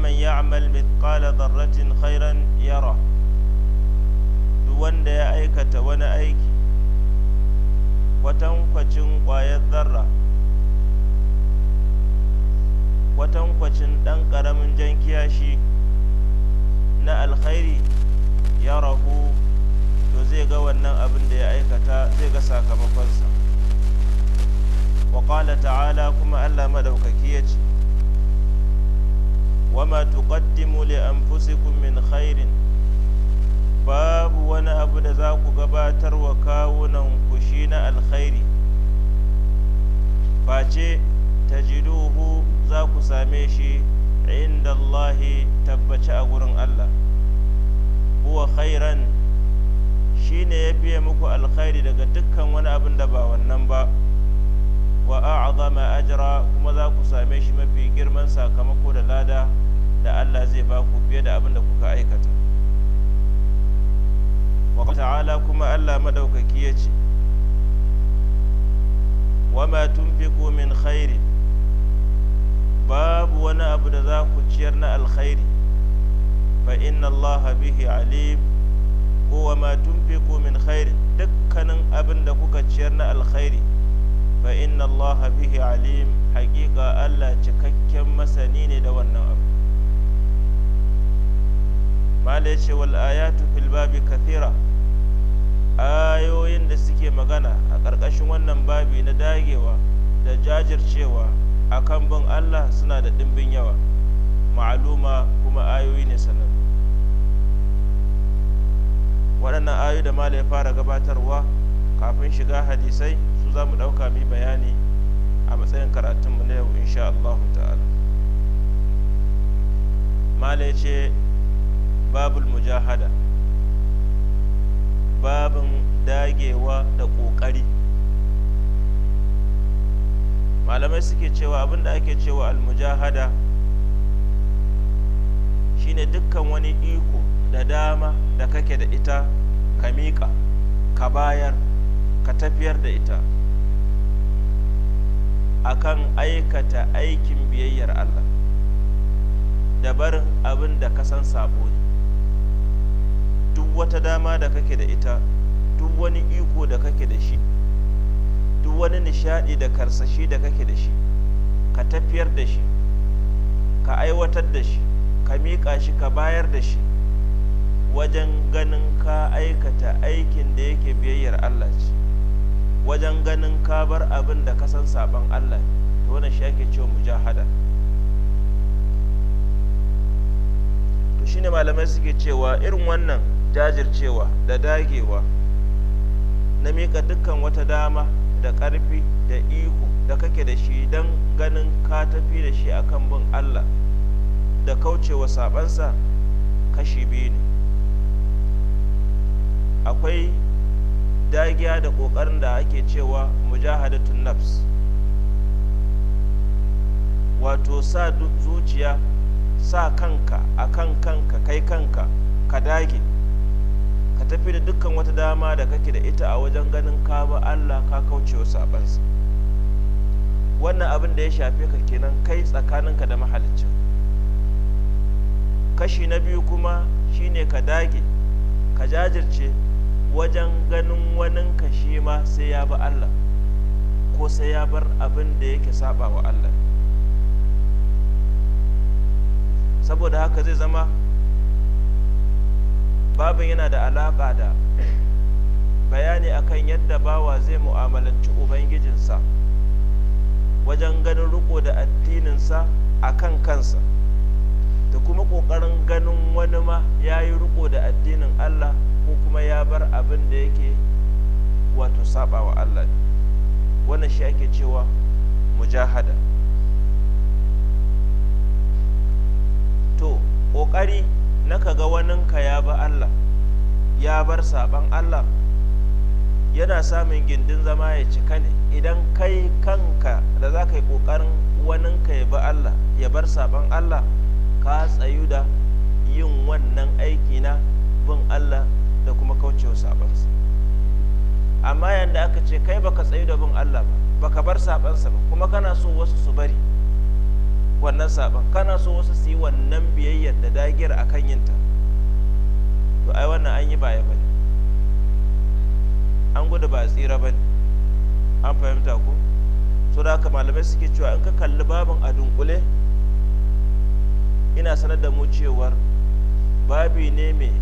faman ya'mal mithqala dharratin khairan yara duk wanda ya aikata wani aiki kwatankwacin ƙwayar zarra kwatankwacin ɗan ƙaramin jan kiyashi na alkhairi ya rahu to zai ga wannan abin da ya aikata zai ga sakamakonsa wa ta'ala kuma allah maɗaukaki ya ce wama tuqaddimu li anfusikum min khairin babu wani abu da za ku gabatar wa kawunan ku shi na alkhairi face tajiduhu za ku same shi inda Allahi tabbaci a gurin Allah huwa khairan shine ya fiye muku alkhairi daga dukkan wani abin da ba wannan ba wa a'zama ajra kuma za ku same shi mafi girman sakamako da lada da Allah zai ba ku fiye da abin da kuka aikata wa ta'ala kuma Allah madaukaki ya ce wa ma tunfiqu min khairi babu wani abu da za ku ciyar na alkhairi fa inna Allah bihi alim ko wa ma tunfiqu min khairi dukkanin abin da kuka ciyar na alkhairi fa inna allaha bihi alim haƙiƙa allah cikakken masani ne da wannan abu mala ce wal ayatu fil babi kathira ayoyin da suke magana a ƙarƙashin wannan babi na dagewa da jajircewa akan bin allah suna da ɗimbin yawa ma'aluma kuma ayoyi ne sanar waɗannan ayoyi da mala fara gabatarwa kafin shiga hadisai za mu ɗauka mu bayani a matsayin karatun mu na yau insha Allah ta'ala mala ce babul mujahada babin dagewa da ƙoƙari malamai suke cewa abin da ake cewa almujahada shine dukkan wani iko da dama da kake da ita ka miƙa ka bayar ka tafiyar da ita akan aikata aikin biyayyar Allah da barin abin da ka san sabo ne duk wata dama da kake da ita duk wani iko da kake da shi duk wani nishadi da karsashi da kake da shi ka tafiyar da shi ka aiwatar da shi ka miƙa shi ka bayar da shi wajen ganin ka aikata aikin da yake biyayyar Allah ce wajen ganin ka bar abin da ka san saban Allah to wannan shi ake cewa mujahada to shine malamai suke cewa irin wannan jajircewa da dagewa na mika dukkan wata dama da karfi da iko da kake da shi don ganin ka tafi da shi akan bin Allah da kaucewa sabansa kashi biyu dagiya da ƙoƙarin da ake cewa mujahadatun nafs wato sa zuciya sa kanka a kan kanka kai kanka ka dage ka tafi da dukkan wata dama da kake da ita a wajen ganin ka ba allah ka kaucewa sabansa wannan abin da ya shafe ka kenan kai tsakaninka da mahalicin kashi na biyu kuma shine ka dage ka jajirce wajen ganin wani kashi ma sai ya bi Allah ko sai ya bar abin da yake saba wa Allah saboda haka zai zama babin yana da alaƙa da bayani akan yadda bawa zai mu'amalanci ubangijinsa wajen ganin riko da addininsa a kan kansa da kuma ƙoƙarin ganin wani ma ya yi riko da addinin Allah ko kuma ya bar abin da yake wato saba wa Allah wannan shi ake cewa mujahada to ƙoƙari na kaga waninka ya ba Allah ya bar saban Allah yana samun gindin zama ya cika ne idan kai kanka da za ka yi ƙoƙarin waninka ya bi Allah ya bar saban Allah ka tsayu da yin wannan aiki na bin Allah da kuma kaucewa sabansa amma yanda aka ce kai baka tsayu da bin Allah ba baka bar sabansa ba kuma kana so wasu su bari wannan saban kana so wasu su yi wannan biyayyar da dagiyar akan yinta to ai wannan an yi baya bane an gudu ba tsira bane an fahimta ko so da haka malamai suke cewa in ka kalli babin a dunkule ina sanar da mu cewar babi ne mai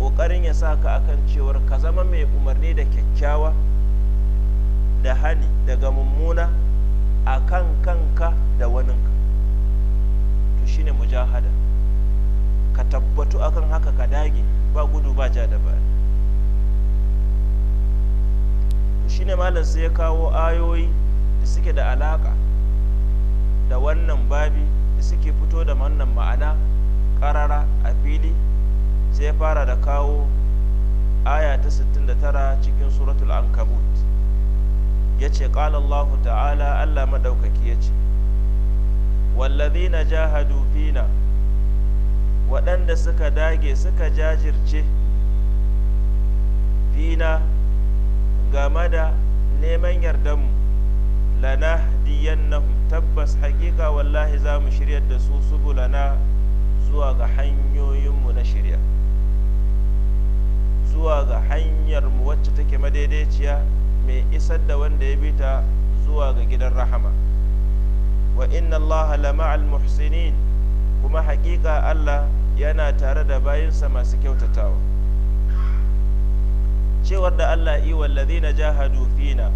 ƙoƙarin ya sa ka akan cewar ka zama mai umarni da kyakkyawa da hani daga mummuna a kan kanka da waninka to shine mujahada ka tabbatu akan haka ka dage ba gudu ba ja da baya to shine malam sai ya kawo ayoyi da suke da alaka da wannan babi suke fito da wannan ma'ana ƙarara a fili sai fara da kawo aya ta 69 cikin suratul ankabut ya ce ƙalallahu ta'ala allah maɗaukaki ya ce na jahadu fina waɗanda suka dage suka jajirce fina game da neman yardanmu lanahdiyannahum tabbas hakika wallahi za mu shiryar da su subulana zuwa ga hanyoyinmu na shirya zuwa ga mu wacce take madaidaiciya mai isar da wanda ya bita zuwa ga gidan rahama wa inna Allah lama'al muhsinin kuma hakika Allah yana tare da bayinsa masu kyautatawa cewar da Allah iwa na jahadu fina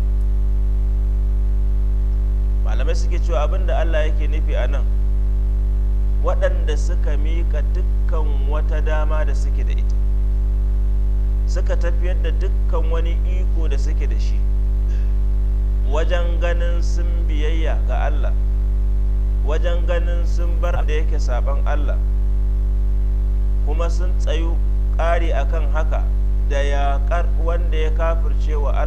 malamai suke cewa da Allah yake nufi a nan waɗanda suka mika dukkan wata dama da suke da ita suka tafiyar da dukkan wani iko da suke da shi wajen ganin sun biyayya ga Allah wajen ganin sun bar da yake sabon Allah kuma sun tsayu ƙari akan haka da yaƙar wanda ya kafircewa wa Allah